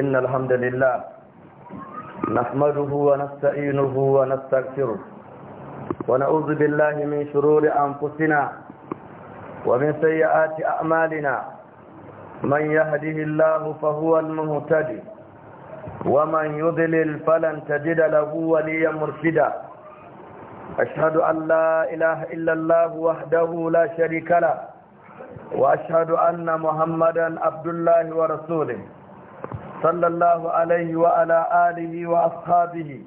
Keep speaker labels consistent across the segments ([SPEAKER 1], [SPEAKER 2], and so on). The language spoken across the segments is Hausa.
[SPEAKER 1] إن الحمد لله نحمده ونستعينه ونستغفره ونعوذ بالله من شرور أنفسنا ومن سيئات أعمالنا من يهده الله فهو المهتدي ومن يضلل فلن تجد له وليا مرشدا أشهد أن لا إله إلا الله وحده لا شريك له وأشهد أن محمدا عبد الله ورسوله صلى الله عليه وعلى آله وأصحابه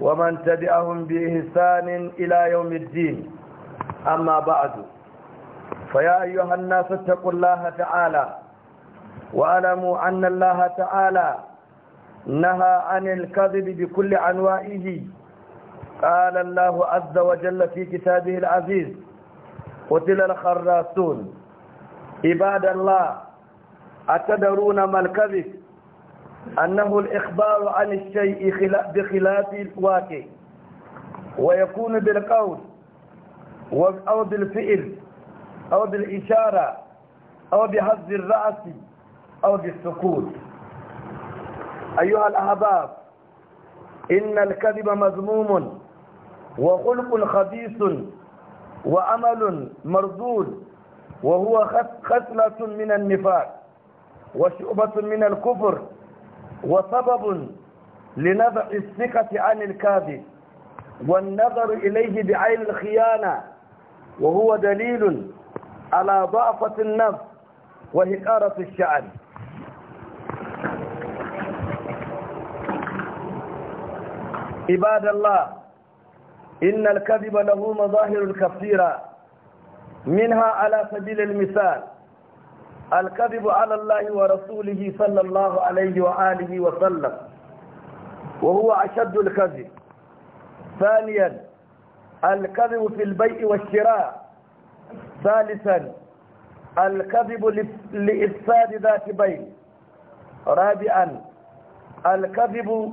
[SPEAKER 1] ومن تبعهم بإحسان إلى يوم الدين أما بعد فيا أيها الناس اتقوا الله تعالى واعلموا أن الله تعالى نهى عن الكذب بكل عنوائه قال الله عز وجل في كتابه العزيز قتل الخراسون عباد الله أتدرون ما الكذب أنه الإخبار عن الشيء بخلاف الواقع ويكون بالقول أو بالفعل أو بالإشارة أو بهز الرأس أو بالسكوت أيها الأحباب إن الكذب مذموم وخلق خبيث وأمل مردود وهو خسلة من النفاق وشعبة من الكفر وسبب لنزع الثقة عن الكاذب والنظر إليه بعين الخيانة وهو دليل على ضعفة النفس وهكارة الشعر عباد الله إن الكذب له مظاهر كثيرة منها على سبيل المثال الكذب على الله ورسوله صلى الله عليه وآله وسلم وهو أشد الكذب ثانيا الكذب في البيع والشراء ثالثا الكذب لإفساد ذات بين رابعا الكذب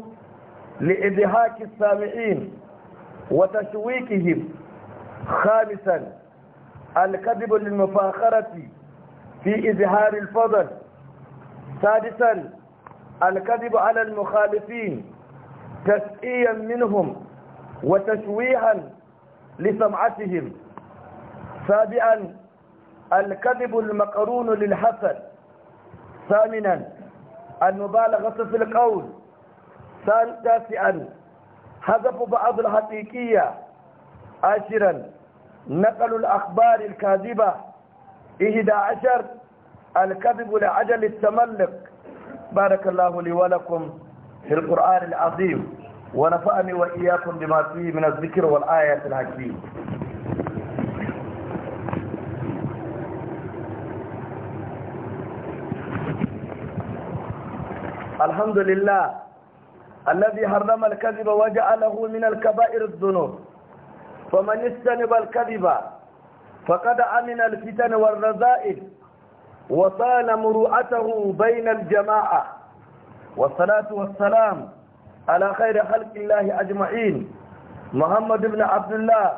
[SPEAKER 1] لإذهاك السامعين وتشويكهم خامسا الكذب للمفاخرة في إظهار الفضل سادسا الكذب على المخالفين تسئيا منهم وتشويها لسمعتهم سابعا الكذب المقرون للحسد ثامنا المبالغة في القول تاسعا حذف بعض الحقيقية عاشرا نقل الأخبار الكاذبة إحدى عشر الكذب لعجل التملك بارك الله لي ولكم في القرآن العظيم ونفعني وإياكم بما فيه من الذكر والآيات الحكيم الحمد لله الذي حرم الكذب وجعله من الكبائر الذنوب فمن استنب الكذب فقد أمن الفتن والرذائل وصان مروءته بين الجماعة والصلاة والسلام على خير خلق الله أجمعين محمد بن عبد الله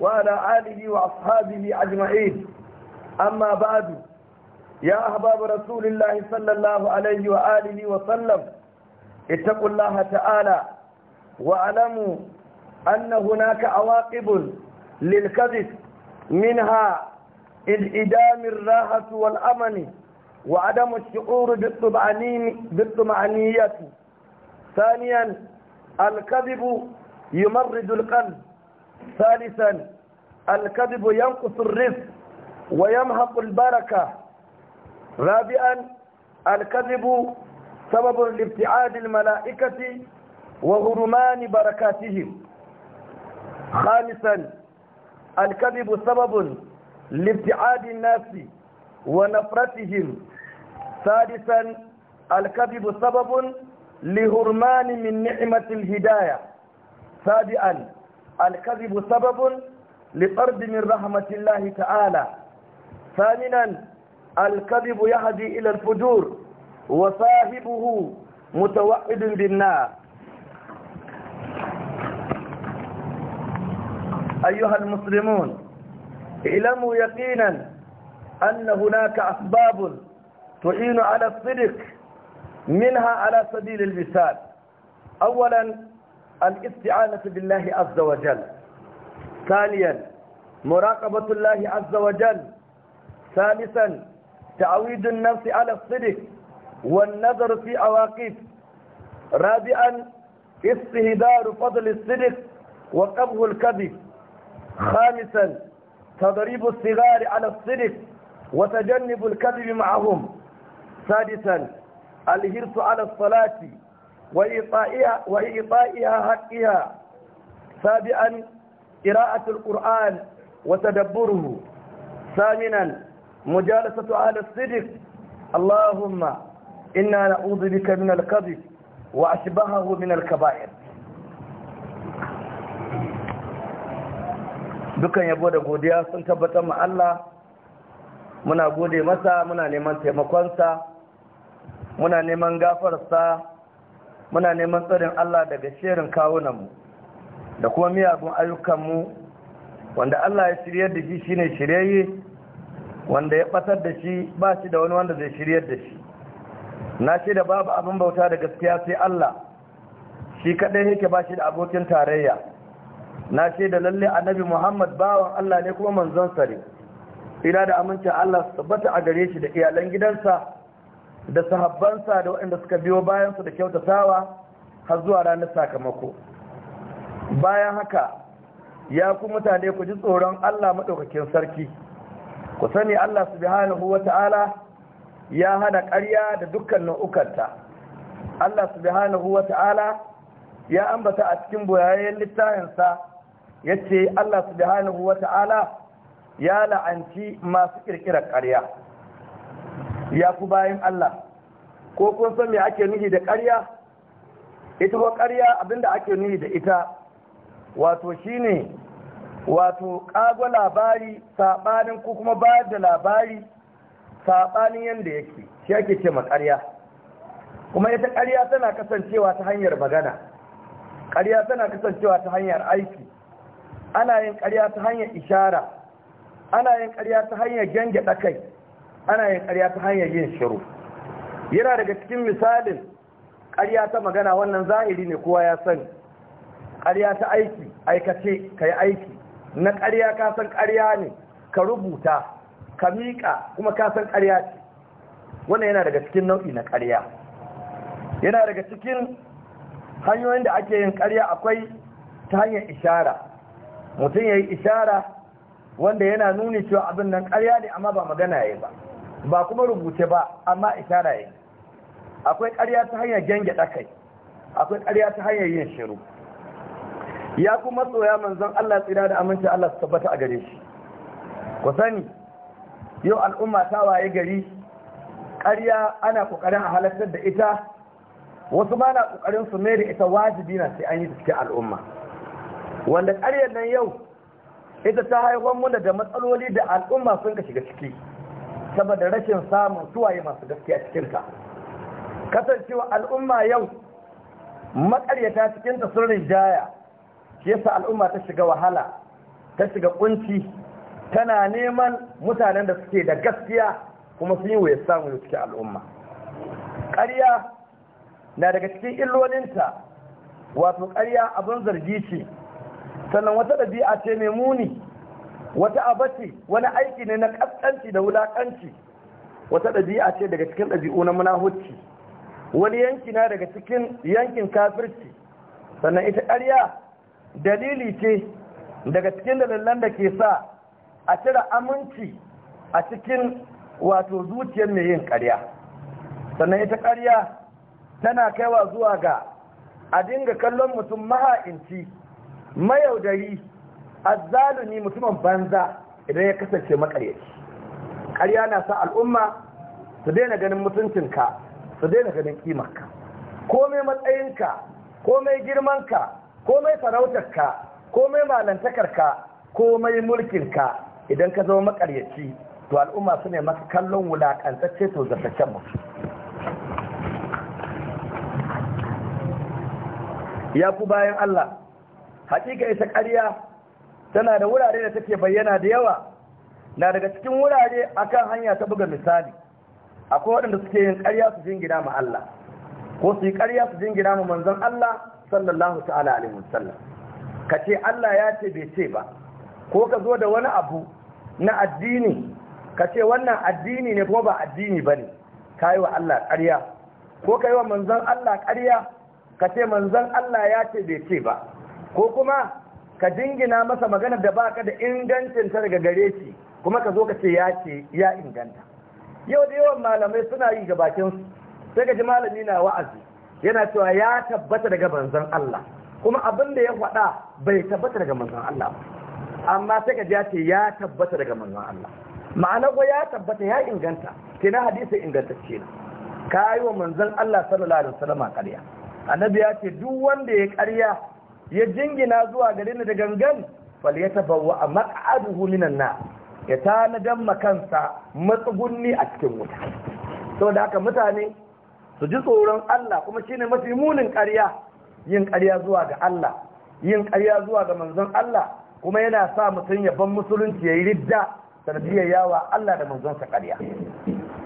[SPEAKER 1] وعلى آله وأصحابه أجمعين أما بعد يا أحباب رسول الله صلى الله عليه وآله وسلم اتقوا الله تعالى واعلموا أن هناك عواقب للكذب منها انعدام الراحة والأمن وعدم الشعور بالطمأنينة ثانيا الكذب يمرض القلب ثالثا الكذب ينقص الرزق ويمهق البركة رابعا الكذب سبب لابتعاد الملائكة وهرمان بركاتهم خامسا الكذب سبب لابتعاد الناس ونفرتهم سادسا الكذب سبب لهرمان من نعمة الهداية سابعا الكذب سبب لطرد من رحمة الله تعالى ثامنا الكذب يهدي إلى الفجور وصاحبه متوعد بالنار أيها المسلمون اعلموا يقينا أن هناك أسباب تعين على الصدق منها على سبيل المثال أولا الاستعانة بالله عز وجل ثانيا مراقبة الله عز وجل ثالثا تعويد النفس على الصدق والنظر في أواقف رابعا استهدار فضل الصدق وقبه الكذب خامسا تضريب الصغار على الصدق وتجنب الكذب معهم سادسا الهرس على الصلاة وإيطائها, وإيطائها حقها سابعا قراءة القرآن وتدبره ثامنا مجالسة أهل الصدق اللهم إنا نعوذ بك من الكذب وأشبهه من الكبائر dukan yabo da godiya sun tabbatar ma Allah muna gode masa muna neman taimakonsa muna neman gafarsa muna neman tsarin Allah daga shirin kawunanmu da kuma miyagun ayyukanmu wanda Allah ya shiryar da shi shine shiryayye wanda ya batar da shi ba shi da wani wanda zai shiryar da shi na shi da babu abin bauta da gaskiya sai Allah shi kadai yake ba shi da abokin tarayya na ce da lalle annabi muhammad bawan allah ne kuma manzon sare ina da amincin allah su tabbata a gare shi da iyalan gidansa da sahabbansa da waɗanda suka biyo bayansu da kyautatawa har zuwa ranar sakamako bayan haka ya ku mutane ku ji tsoron allah maɗaukakin sarki ku sani allah wa wata'ala ya hana ƙarya da dukkan nau'ukanta allah wa Ta'ala ya ambata a cikin boyayen littafinsa Ya ce Allah subhanahu wata'ala ya la'anci masu ƙirƙirar ƙarya ya ku bayan Allah ko kun san me ake nuhi da ƙarya ita ko ƙarya abinda ake nuhi da ita wato shi ne wato ƙago labari saɓanin ko kuma bayar da labari saɓanin yadda yake shi ake ce ma ƙarya kuma ita ƙarya tana kasancewa ta hanyar magana ƙarya tana kasancewa ta hanyar aiki ana yin ƙarya ta hanyar ishara ana yin ƙarya ta hanyar gyange ɗakai ana yin ƙarya ta hanyar yin shiru yana daga cikin misalin ƙarya ta magana wannan zahiri ne kowa ya sani ƙarya ta aiki aikace ka yi aiki na ƙarya ka san ƙarya ne ka rubuta ka miƙa kuma ka san ƙarya ce wannan yana daga cikin nau'i na ƙarya yana daga cikin hanyoyin da ake yin ƙarya akwai ta hanyar ishara mutum ya yi ishara wanda yana nuni cewa abin nan karya ne amma ba magana ya ba ba kuma rubuce ba amma ishara ya akwai karya ta hanyar genge ɗakai akwai ƙarya ta hanyar yin shiru ya kuma tsoya manzon Allah tsira da aminci Allah su tabbata a gare shi ku sani yau al'umma ta waye gari ƙarya ana ƙoƙarin a halartar da ita wasu ma na ƙoƙarin su mai da ita wajibi na sai an yi cikin al'umma wanda ƙaryar nan yau ita ta haifar muna da matsaloli da al'umma sun ka shiga ciki saboda rashin samun suwaye masu gaskiya cikinta kasancewa al'umma yau makaryata cikinta sun rinjaya shi yasa al'umma ta shiga wahala ta shiga kunci tana neman mutanen da suke da gaskiya kuma sun yi waya samun cikin al'umma ƙarya na daga cikin illolinta wato ƙarya abin zargi ce sannan wata ɗabi'a ce mai muni wata abace wani aiki ne na ƙasƙanci da wulaƙanci wata ɗabi'a ce daga cikin ɗabi'u na munahucci wani yanki na daga cikin yankin kafirci sannan ita ƙarya dalili ce daga cikin dalilan da ke sa a cire aminci a cikin wato zuciyar mai yin ƙarya sannan ita ƙarya tana kaiwa zuwa ga a dinga kallon mutum maha'inci mayaudari azzalumi mutumin banza idan ya kasance makaryaci ƙarya na sa al'umma su daina ganin mutuncinka su daina ganin kimarka komai matsayinka komai girmanka komai farautarka komai malantakarka komai mulkinka idan ka zama makaryaci to al'umma su ne maka kallon wulaƙantacce to zartaccen mutu ya ku bayan Allah hakika ita ƙarya tana da wurare da take bayyana da yawa na daga cikin wurare akan hanya ta buga misali akwai waɗanda suke yin ƙarya su jingina ma Allah ko su yi ƙarya su jingina ma manzon Allah sallallahu ta'ala alaihi wasallam ka ce Allah ya ce bai ce ba ko ka zo da wani abu na addini ka ce wannan addini ne ko ba addini ba ne ka yi wa Allah ƙarya ko ka yi wa manzon Allah ƙarya ka ce manzon Allah ya ce bai ce ba ko kuma ka dingina masa maganar da baka da ingancin ta daga gare shi kuma ka zo ka ce ya ya inganta yau da yawan malamai suna yi ga bakin su sai ka malami na wa'azi yana cewa ya tabbata daga manzon Allah kuma abin da ya faɗa bai tabbata daga manzon Allah ba amma sai ka ya ce ya tabbata daga manzon Allah ma'ana ko ya tabbata ya inganta kenan hadisi ingantacce ne ka wa manzon Allah sallallahu alaihi wasallam ƙarya annabi ya ce duk wanda ya ƙarya ya jingina zuwa garin na da gangan fal falyatabawwa a maq'aduhu minan na ya tanadan makansa matsugunni a cikin wuta saboda haka mutane su ji tsoron Allah kuma shine mafi munin ƙarya yin ƙarya zuwa ga Allah yin ƙarya zuwa ga manzon Allah kuma yana sa mutum ya ban musulunci yayi ridda sanadiyar yawa Allah da manzonsa ƙarya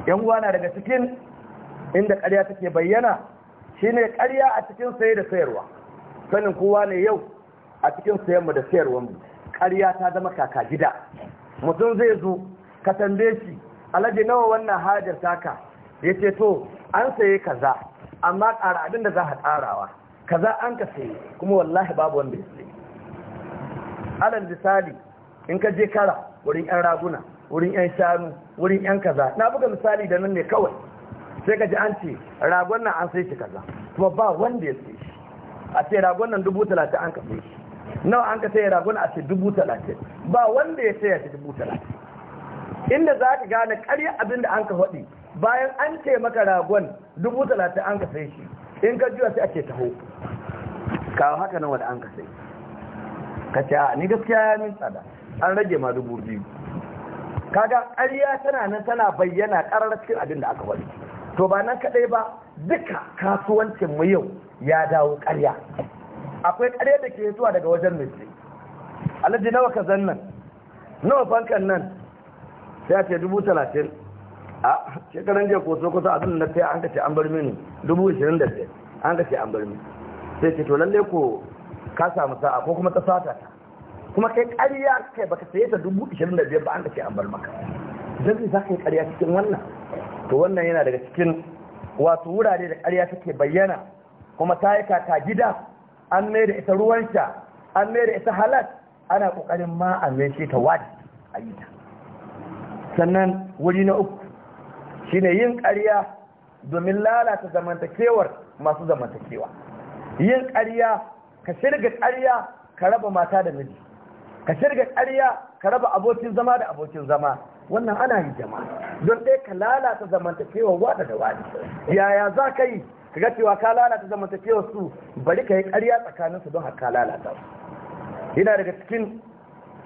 [SPEAKER 1] yan uwa na daga cikin inda ƙarya take bayyana shine ƙarya a cikin saye da sayarwa sanin kowa ne yau a cikin sayanmu da sayarwanmu ƙarya ta zama kaka gida mutum zai zo ka tambaye shi alaji nawa wannan hajar taka ya ce to an saye kaza amma ƙara abin da za a ƙarawa kaza an ka saye kuma wallahi babu wanda ya saye alal misali in ka je kara wurin 'yan raguna wurin 'yan shanu wurin 'yan kaza na buga misali da nan ne kawai sai ka ji an ce ragon nan an sai shi kaza kuma ba wanda ya saye a ce ragon nan dubu talatin an kafe shi nawa an ka sai ragon a ce dubu talatin ba wanda ya saya ce dubu talatin inda za ka gane karya abin da an ka faɗi bayan an ce maka ragon dubu talatin an ka sai shi in ka juya sai a ce taho kawo haka nan wanda an ka sai ka ce a ni gaskiya ya min tsada an rage ma dubu biyu kaga ƙarya tana nan tana bayyana ƙarar cikin abin da aka faɗi to ba nan kaɗai ba duka kasuwancin mu yau ya dawo ƙarya akwai ƙarya da ke zuwa daga wajen mace alaji nawa ka zan nan nawa fankan nan sai a ce dubu talatin a shekaran jiya ko so kusa abin na yi an ka an bar mini dubu ishirin da biyar an ka an bar mini sai ce to lalle ko ka samu sa'a ko kuma ta sata ta kuma kai ƙarya kai baka saye ta dubu ishirin da biyar ba an ka an bar maka Zan zai za ka yi ƙarya cikin wannan to wannan yana daga cikin wato wurare da ƙarya take bayyana kuma ta yi kata gida an mai da ita ruwanta an mai da ita halat ana ƙoƙarin ma a mai ta wadi a gida sannan wuri na uku shi ne yin ƙarya domin lalata zamantakewar masu zamantakewa yin ƙarya ka shirga ƙarya ka raba mata da miji ka shirga ƙarya ka raba abokin zama da abokin zama wannan ana yi jama'a don ɗaya ka lalata zamantakewar wada da wani, yaya za ka yi kaga cewa ka lalata zamantakewar su bari ka yi ƙarya tsakanin su don haka ka lalata yana daga cikin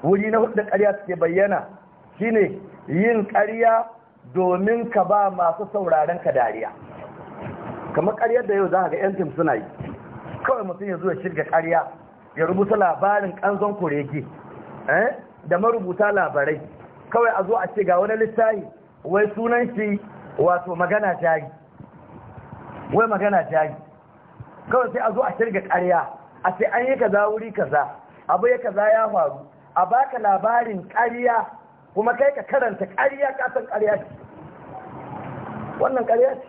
[SPEAKER 1] wuri na hudu da ƙarya suke bayyana shine yin ƙarya domin ka ba masu sauraren ka dariya kamar ƙaryar da yau za ga 'yan tim suna yi kawai mutum ya zo ya shirga ƙarya ya rubuta labarin ƙanzon kurege eh, da marubuta labarai kawai a zo a ce ga wani littafi wai sunan shi wato magana jari wai magana jari kawai sai a zo a shirga karya a sai an yi kaza wuri kaza abu ya kaza ya faru a baka labarin ƙarya kuma kai ka karanta ƙarya kasan ƙarya ce wannan ƙarya ce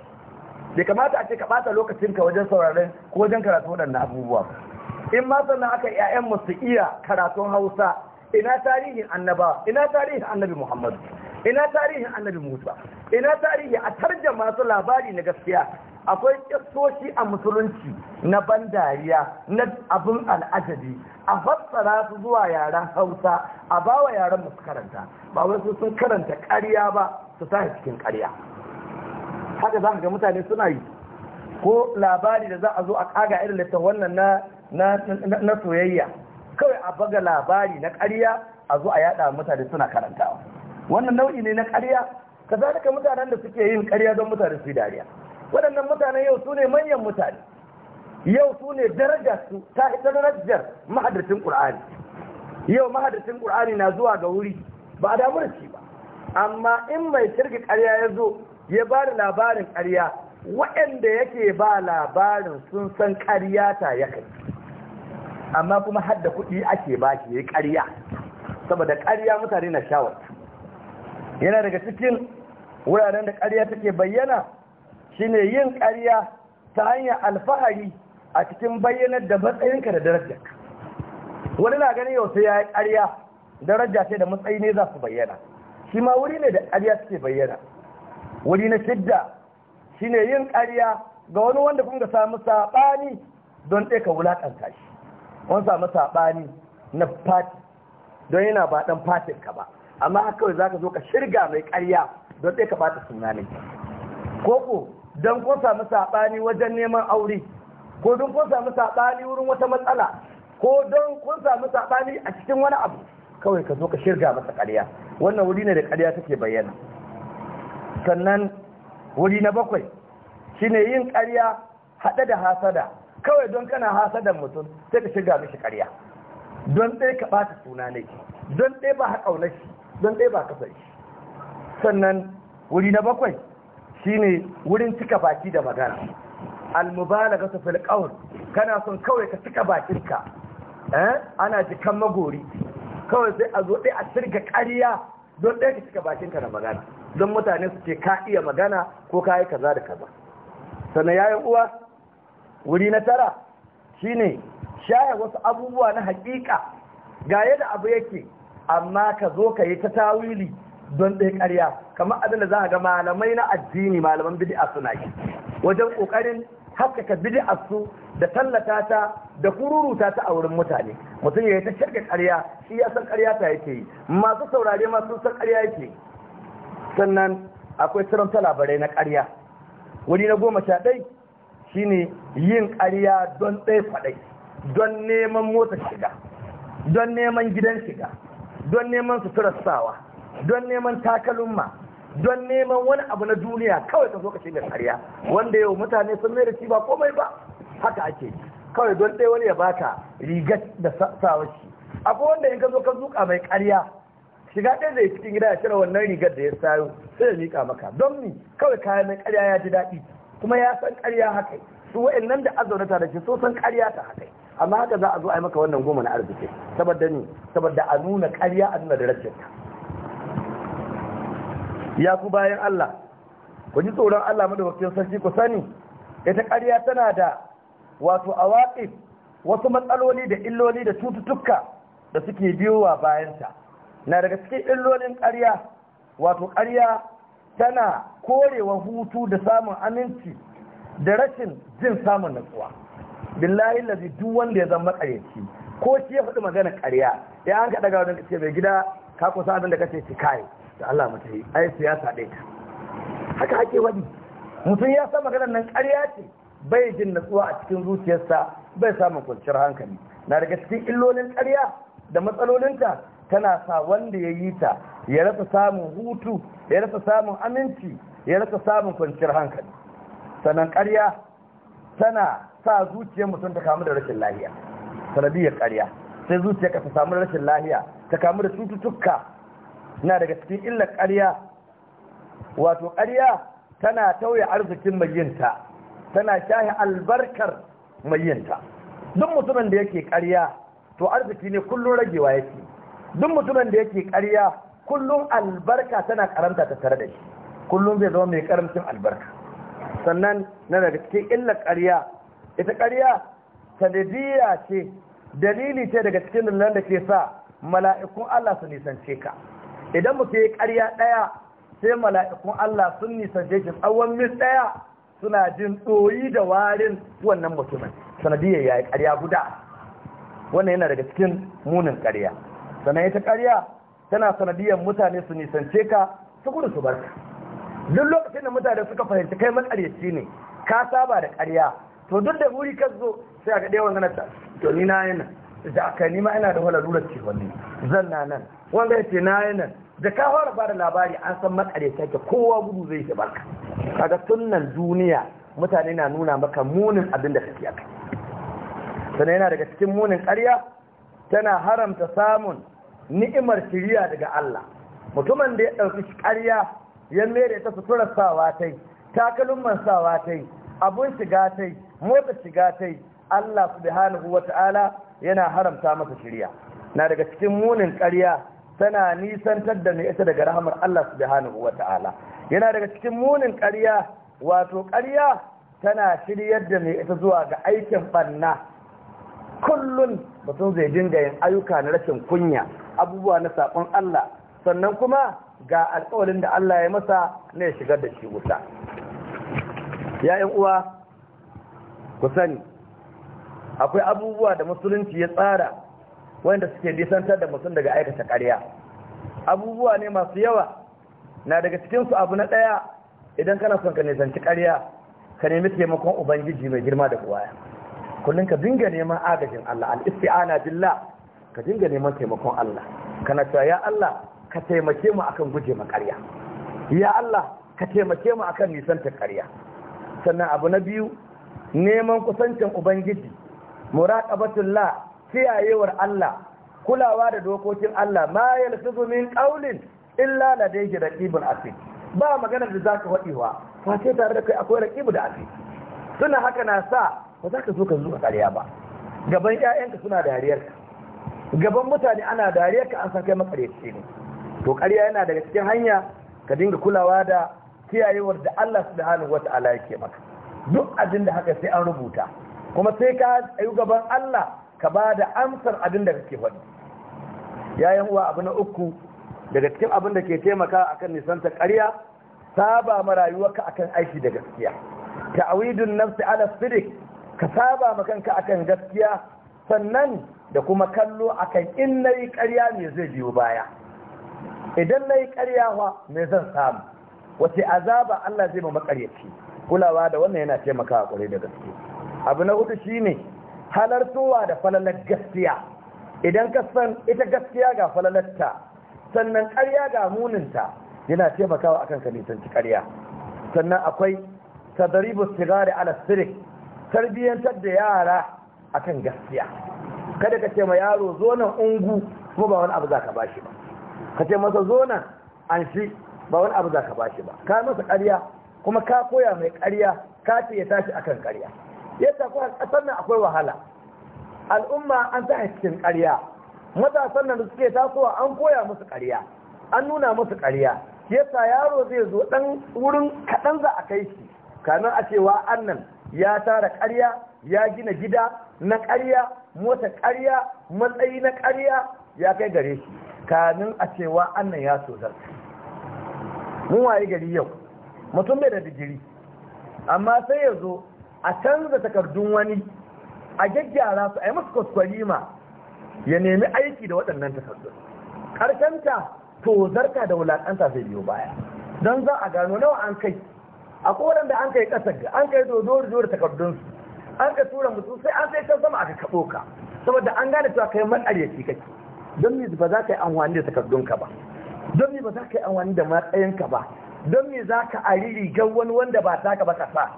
[SPEAKER 1] bai kamata a ce ka ɓata ka wajen sauraren ko wajen karatu waɗannan abubuwa in ma sannan aka ‘ya'yan su iya karatun hausa ina tarihin annaba ina tarihin annabi muhammadu ina tarihin annabi musa ina tarihi a tarja masu labari na gaskiya akwai kistoci a musulunci na ban dariya na abin al'ajabi a fassara su zuwa yaren hausa a bawa yaren musu karanta ba wasu sun karanta ƙarya ba su sa cikin ƙarya haka za ga mutane suna yi ko labari da za a zo a kaga irin littafin wannan na soyayya kawai a baga labari na ƙarya a zo a yada mutane suna karantawa wannan nau'i ne na ƙarya ka mutanen da suke yin ƙarya don mutane su yi dariya waɗannan mutanen yau su ne manyan mutane yau su ne darajar su ta ita darajar mahadacin ƙur'ani yau mahadacin ƙur'ani na zuwa ga wuri ba a damu da shi ba amma in mai shirki ƙarya ya zo ya ba da labarin ƙarya waɗanda yake ba labarin sun san ƙarya ta ya kai amma kuma hadda kuɗi ake ba shi ya ƙarya saboda ƙarya mutane na shawar yana daga cikin wuraren da ƙarya take bayyana shine yin ƙarya ta hanyar alfahari a cikin bayyanar da matsayinka da darajar wani na ganin yau sai ya yi ƙarya darajar sai da matsayi ne za su bayyana shi ma wuri ne da ƙarya suke bayyana wuri na shidda shine yin ƙarya ga wani wanda kun ga samu saɓani don ɗaya ka wulaƙanta shi wani samu saɓani na fati don yana ba ɗan fatin ka ba amma haka kawai zaka zo ka shirga mai karya don sai ka bata suna ne koko don kun samu saɓani wajen neman aure ko don kun samu saɓani wurin wata matsala ko don kun samu saɓani a cikin wani abu kawai ka zo ka shirga masa ƙarya wannan wuri ne da karya take bayyana sannan wuri na bakwai shine yin karya haɗe da hasada kawai don kana hasadan mutum sai ka shirga mishi karya. don ɗaya ka bata suna ne don ɗaya ba haƙaunar shi don ɗaya ba kasari sannan wuri na bakwai shine wurin cika baki da magana almubalaga ga fil qawl kana son kawai ka cika bakinka eh ana jikan magori kawai sai a zo ɗaya a sirga ƙarya don ɗaya ka cika bakinka da magana don mutane su ce ka iya magana ko ka yi kaza da kaza sannan yayin uwa wuri na tara shine shaya wasu abubuwa na hakika. ga yadda abu yake amma ka zo ka yi ta tawili don ɗaya ƙarya kamar abin da za a ga malamai na addini malaman bid'a suna yi wajen ƙoƙarin haskaka bid'a su da tallata ta da kururuta ta a wurin mutane mutum ya yi ta shirka ƙarya shi ya san ƙarya ta yake yi masu saurare ma san ƙarya yake sannan akwai ta labarai na ƙarya wani na goma sha ɗai shine yin ƙarya don ɗaya faɗai don neman motsa shiga don neman gidan shiga don neman suturar sawa don neman takalumma don neman wani abu na duniya kawai ka zo ka ce mai karya wanda yau mutane sun mai da shi ba komai ba haka ake kawai don ɗaya wani ya baka rigar da sawa shi akwai wanda in ka zo ka zuka mai karya shiga ɗaya zai cikin gida ya cire wannan rigar da ya sayo sai ya miƙa maka don mi kawai kayan mai karya ya ji daɗi kuma ya san karya haka su wa'annan da azauna tare shi so san ƙarya ta haka amma haka za a zo a yi maka wannan goma na arziki saboda ni saboda a nuna ƙarya a nuna darajar ta ya ku bayan Allah ku ji tsoron Allah madawacin sarki ku sani ita ƙarya tana da wato awaqif wasu matsaloli da illoli da cututtuka da suke biyowa bayanta na daga cikin illolin ƙarya wato ƙarya tana korewa hutu da samun aminci da rashin jin samun natsuwa billahi lazi duk wanda ya zama ƙaryaci ko shi ya faɗi magana karya, ya an ka daga wajen ce mai gida ka kusa abin da kace ci kai da Allah mu yi. ai siyasa ɗaya ta haka ake wani mutum ya san maganar nan karya ce bai jin natsuwa a cikin zuciyarsa bai samun kwanciyar hankali na daga cikin illolin ƙarya da matsalolinta tana sa wanda ya yi ta ya rasa samun hutu ya rasa samun aminci ya rasa samun kwanciyar hankali sannan ƙarya tana sa zuciyar mutum ta kamu da rashin lahiya sanadiyar ƙarya sai zuciya ka ta samu rashin lahiya ta kamu da cututtuka na daga cikin illar ƙarya wato ƙarya tana tauye arzikin mayinta tana shahi albarkar mayinta duk mutumin da yake ƙarya to arziki ne kullum ragewa yake duk mutumin da yake ƙarya kullum albarka tana karanta ta tare da shi kullum zai zama mai karancin albarka sannan na daga cikin illar ƙarya ita ƙarya sanadiyya ce dalili ce daga cikin nan da ke sa mala'ikun Allah su nisance ka idan muke yi ƙarya ɗaya sai mala'ikun Allah sun nisance shi tsawon mil ɗaya suna jin tsoyi da warin wannan mutumin sanadiyar ya yi ƙarya guda wannan yana daga cikin munin ƙarya sannan ita ƙarya tana sanadiyar mutane su nisance ka su gudu su barka duk lokacin da mutane suka fahimci kai makaryaci ne ka saba da ƙarya to duk da wuri ka zo sai a ga ɗaya ta to ni na yana da aka nima ina da wala lura ce wani zan na nan wanda ce na yana da ka fara ba da labari an san makaryaci ke kowa gudu zai ta barka kaga tunan duniya mutane na nuna maka munin abin da kake aka sannan yana daga cikin munin ƙarya tana haramta samun ni'imar shiriya daga Allah mutumin da ya ɗauki ƙarya ya mere ta sutura sawa ta takalin sawa ta abun shiga ta motsa shiga ta Allah subhanahu wata'ala yana haramta masa shirya na daga cikin munin ƙarya tana nisantar da mai ita daga rahamar Allah subhanahu wata'ala yana daga cikin munin karya, wato ƙarya tana shiryar da mai ita zuwa ga aikin banna kullun mutum zai dinga yin ayyuka na rashin kunya abubuwa na saƙon Allah sannan kuma ga alƙawarin da Allah ya masa na ya shigar da shi wuta yayin uwa ku sani akwai abubuwa da musulunci ya tsara wanda suke nisantar da mutum daga aikata ƙarya abubuwa ne masu yawa na daga cikinsu abu na ɗaya idan kana son ka nisanci ƙarya ka nemi taimakon ubangiji mai girma da kuwaya kullum ka dinga neman agajin Allah al-isti'ana billah ka dinga neman taimakon Allah kana cewa ya Allah ka taimake mu akan guje ma ƙarya ya Allah ka taimake mu akan nisanta ƙarya sannan abu na biyu neman kusancin ubangiji muraqabatullah kiyayewar Allah kulawa da dokokin Allah ma yalfizu min qaulin illa ladayhi raqibun atid ba maganar da zaka faɗiwa sai tare da kai akwai raqibu da atid suna haka na sa ba za ka zo ka zuwa ƙarya ba gaban 'ya'yanka suna dariyarka gaban mutane ana dariyarka an san kai makaryaci ne to ƙarya yana daga cikin hanya ka dinga kulawa da kiyayewar da Allah subhanahu wata'ala yake maka duk abin da haka sai an rubuta kuma sai ka ayu gaban Allah ka ba da amsar abin da kake faɗi yayin uwa abu na uku daga cikin abin da ke taimaka akan nisanta ƙarya saba ma rayuwarka akan aiki da gaskiya ta'awidun nafsi ala sidik ka saba ma kanka akan gaskiya sannan da kuma kallo akan in nayi ƙarya ne zai biyo baya idan na yi karyawa mai zan samu wace azaba Allah zai ma makaryaci kulawa da wannan yana taimakawa kwarai da gaske abu na hudu ne halartowa da falalar gaskiya idan ka san ita gaskiya ga falalarta sannan karya ga muninta yana taimakawa akan ka nisanci karya sannan akwai tadribu sigari ala sirik tarbiyyantar da yara akan gaskiya kada ka ce ma yaro zo nan ungu kuma ba wani abu za ka shi ba ka ce masa zo nan an shi ba wani abu za ka bashi ba ka masa karya kuma ka koya mai ƙarya ka ce ya tashi akan ƙarya Yasa kuwa ƙasar nan akwai wahala al'umma an ta cikin ƙarya matasan nan da suke tasowa an koya musu karya, an nuna musu ƙarya yasa yaro zai zo ɗan wurin kaɗan za a kai shi kamin a cewa annan ya tara ƙarya ya gina gida na ƙarya mota ƙarya matsayi na ƙarya ya kai gare shi kamin a cewa annan ya tozar mun waye gari yau mutum bai da digiri amma sai ya zo a canza takardun wani a gaggyara su a yi musu ma ya nemi aiki da waɗannan takardun to zarka da wulaƙanta zai biyo baya don za a gano nawa an kai a koran da an kai ƙasar ga an kai dodo da takardunsu an ka tura mutum sai an sai can sama aka kaɓo ka saboda an gane cewa kai matsaryaci kake don me ba za ka yi amfani da takardunka ba don me ba za ka yi amfani da matsayinka ba don me za ka ari rigar wani wanda ba za ka ba ka sa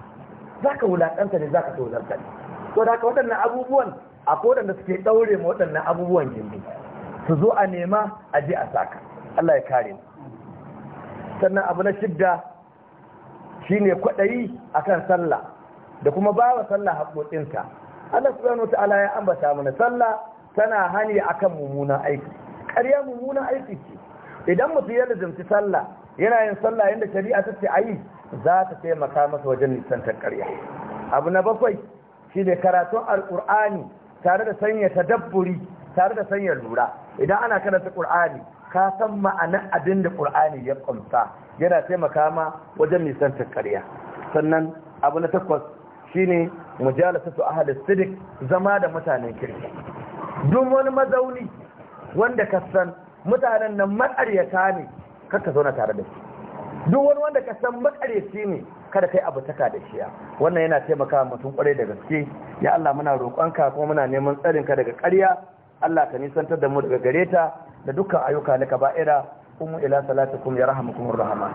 [SPEAKER 1] za ka wulaƙanta ne za ka tozarta ne to da ka waɗannan abubuwan a kodan da suke ɗaure ma waɗannan abubuwan gindi su zo a nema a ji a saka Allah ya kare mu sannan abu na shidda shine kwaɗayi akan sallah da kuma ba wa sallah haƙoƙinta Allah subhanahu wa ta'ala ya ambata mana sallah tana hani akan mummunan aiki ƙarya mummunan aiki ce idan mutum ya lazimci sallah yana yin sallah yadda shari'a ta ce ayi za ta taimaka masa wajen nisantar ƙarya abu na bakwai shi ne karatun alƙur'ani tare da sanya tadabburi tare da sanya lura idan ana karanta ƙur'ani ka san ma'anar abin da ƙur'ani ya ƙunsa yana taimaka ma wajen nisantar ƙarya sannan abu na takwas shine mujalasatu ahli sidik zama da mutanen kirki duk wani mazauni wanda ka san mutanen nan matsaryata ne kar ka zauna tare da shi duk wani wanda ka san ne kada kai abu taka da shiya wannan yana taimaka mutum kwarai da gaske ya Allah muna roƙonka kuma muna neman tsarin ka daga ƙarya Allah ka nisantar da mu daga gare ta da dukkan ayyuka na kaba'ira mu ila salatukum ya kuma rahama